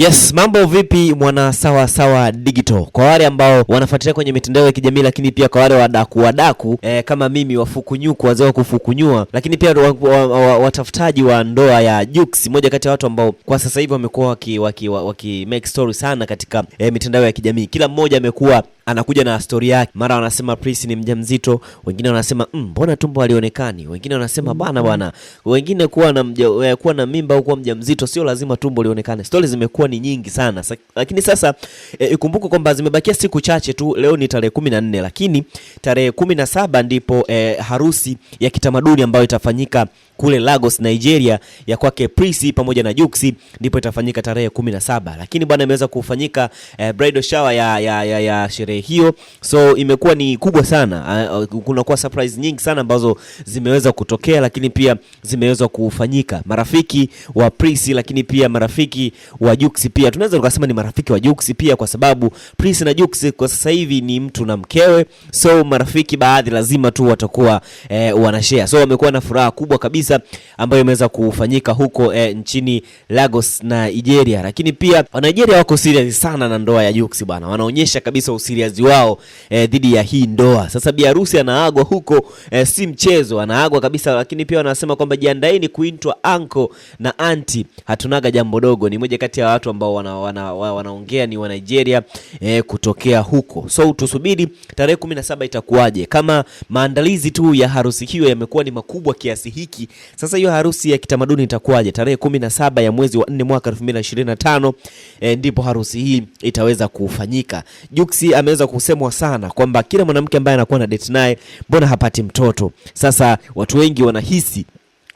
Yes, mambo vipi mwana sawa sawa digital. Kwa wale ambao wanafuatilia kwenye mitandao ya kijamii lakini pia kwa wale wadaku wadaku e, kama mimi wafukunyuku wazao kufukunyua lakini pia watafutaji wa ndoa ya Jux, moja kati ya watu ambao kwa sasa hivi wamekuwa waki, waki, waki make story sana katika e, mitandao ya kijamii. Kila mmoja amekuwa anakuja na stori yake. Mara wanasema Prince ni mjamzito, wengine wanasema mm, mbona tumbo halionekani, wengine wanasema bana bwana, wengine kuwa na mja, eh, kuwa na mimba au kuwa mjamzito sio lazima tumbo lionekane. Stori zimekuwa ni nyingi sana, lakini sasa eh, ikumbuke kwamba zimebakia siku chache tu. Leo ni tarehe kumi na nne, lakini tarehe kumi na saba ndipo e, harusi ya kitamaduni ambayo itafanyika kule Lagos Nigeria ya kwake Prisi pamoja na Juksi ndipo itafanyika tarehe 17, lakini bwana imeweza kufanyika eh, bridal shower ya, ya, ya, ya sherehe hiyo, so imekuwa ni kubwa sana. Ah, uh, kunakuwa surprise nyingi sana ambazo zimeweza kutokea, lakini pia zimeweza kufanyika. Marafiki wa Prisi, lakini pia marafiki wa Juksi, pia tunaweza tukasema ni marafiki wa Juksi pia, kwa sababu Prisi na Juksi kwa sasa hivi ni mtu na mkewe, so marafiki baadhi lazima tu watakuwa eh, wanashare, so wamekuwa na furaha kubwa kabisa kabisa ambayo imeweza kufanyika huko eh, nchini Lagos na Nigeria. Lakini pia Wanigeria wako serious sana na ndoa ya Jux bwana, wanaonyesha kabisa usiriazi wao eh, dhidi ya hii ndoa. Sasa bi harusi anaagwa huko eh, si mchezo, anaagwa kabisa. Lakini pia wanasema kwamba jiandaeni kuitwa uncle na aunti, hatunaga jambo dogo. Ni moja kati ya watu ambao wanaongea wana, wana, wana ni wa Nigeria eh, kutokea huko, so tusubiri tarehe 17 itakuwaje, kama maandalizi tu ya harusi hiyo yamekuwa ni makubwa kiasi hiki sasa hiyo harusi ya kitamaduni itakuwaje? Tarehe kumi na saba ya mwezi wa nne mwaka 2025 e, ndipo harusi hii itaweza kufanyika. Juksi ameweza kusemwa sana kwamba kila mwanamke ambaye anakuwa na date naye mbona hapati mtoto. Sasa watu wengi wanahisi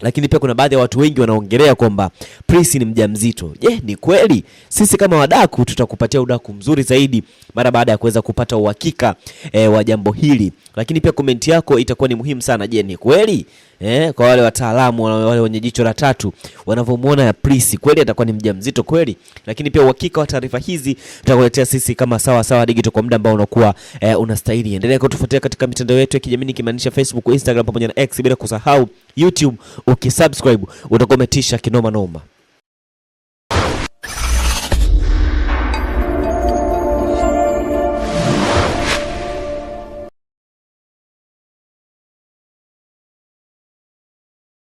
lakini pia kuna baadhi ya watu wengi wanaongelea kwamba Pris ni mjamzito. Je, ni kweli? Sisi kama wadaku tutakupatia udaku mzuri zaidi mara baada ya kuweza kupata uhakika e, wa jambo hili. Lakini pia komenti yako itakuwa ni muhimu sana. Je, ni kweli? eh, kwa wale wataalamu wale wenye jicho la tatu wanavyomwona Prisi, kweli atakuwa ni mjamzito kweli. Lakini pia uhakika wa taarifa hizi tutakuletea sisi kama Sawa Sawa Digital kwa muda ambao unakuwa eh, unastahili. Endelea kutufuatilia katika mitandao yetu ya kijamii nikimaanisha Facebook, Instagram pamoja na X, bila kusahau YouTube. Ukisubscribe utakometisha kinoma noma.